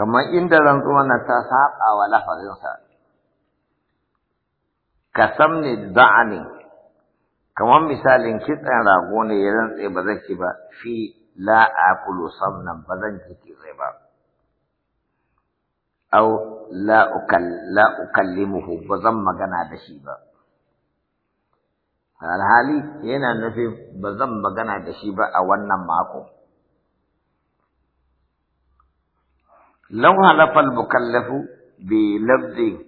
kamar inda rantsuwa na ta saba wa lafazinsa ka san ne za'ani kamar misalin kitsen rago ne ya rantse ba zan ci ba fi la aqulu samnan ba zan ci kitse ba aw la ukal la ukallimuhu ba zan magana da shi ba alhali yana nufin ba zan magana da shi ba a wannan mako لو هلف المكلف بلفظ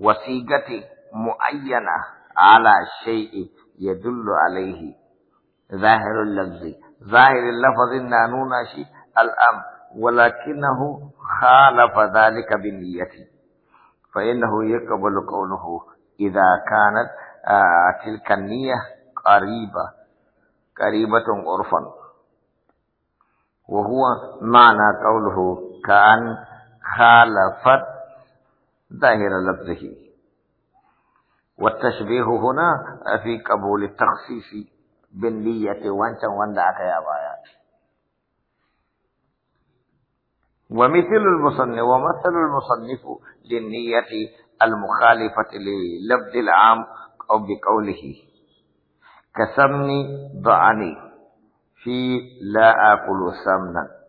وسيقة معينة على شيء يدل عليه ظاهر اللفظ ظاهر اللفظ نانون شيء الأمر ولكنه خالف ذلك بالنية فإنه يقبل قوله إذا كانت آه، تلك النية قريبة قريبة عرفا وهو معنى قوله كأن خالفت ظاهر لفظه والتشبيه هنا في قبول التخصيص بالنية وانت وانت يا بايا ومثل المصنف ومثل المصنف للنية المخالفة للفظ العام أو بقوله كسمني ضعني في لا آكل سمنا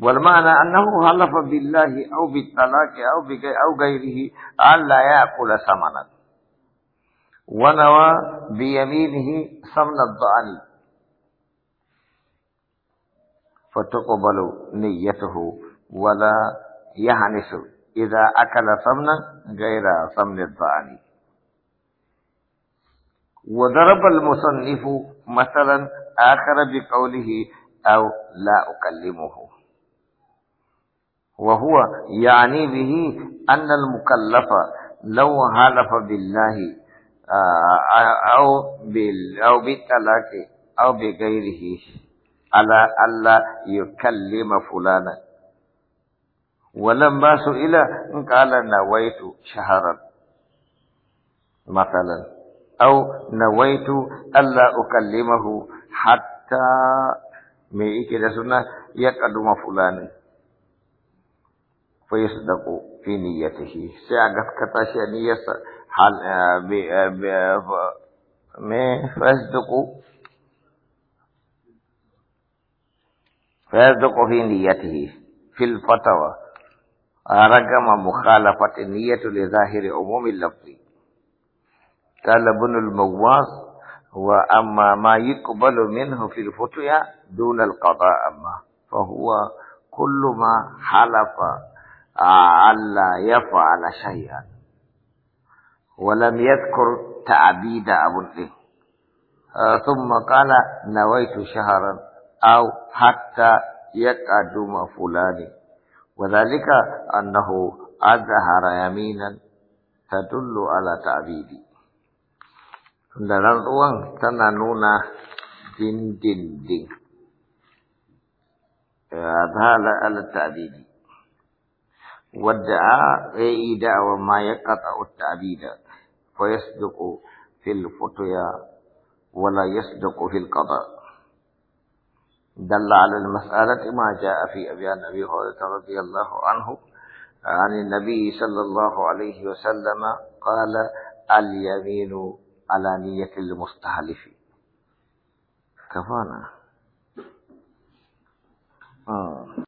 والمعنى أنه حلف بالله أو بالطلاق أو أو غيره أن لا يأكل ثمنا ونوى بيمينه ثمن الضعن فتقبل نيته ولا يهنس إذا أكل ثمنا غير ثمن الضعن وضرب المصنف مثلا آخر بقوله أو لا أكلمه وهو يعني به أن المكلف لو حلف بالله آه، أو أو بالطلاق أو بغيره على ألا يكلم فلانا ولما سئل قال نويت شهرا مثلا أو نويت ألا أكلمه حتى ميكي رسولنا يقدم فلانا فيصدق في نيته سيعقد كتاش نية حال آه، آه، آه، ما فيصدق فيصدق في نيته في الفتوى رقم مخالفة النية لظاهر عموم اللفظ قال ابن المواص وأما ما يقبل منه في الفتوى دون القضاء أما فهو كل ما حلف ألا يفعل شيئا ولم يذكر تعبيد أبو آه، ثم قال نويت شهرا أو حتى يقدم فلان وذلك أنه أظهر يمينا تدل على تعبيدي da rantsuwan tana دين dindindin ya zala ala والدعاء أي دعوة ما يقطع التعبيد فيصدق في الفتيا ولا يصدق في القضاء دل على المسألة ما جاء في أبيان أبي هريرة رضي الله عنه عن النبي صلى الله عليه وسلم قال اليمين على نية المستحلف كفانا آه.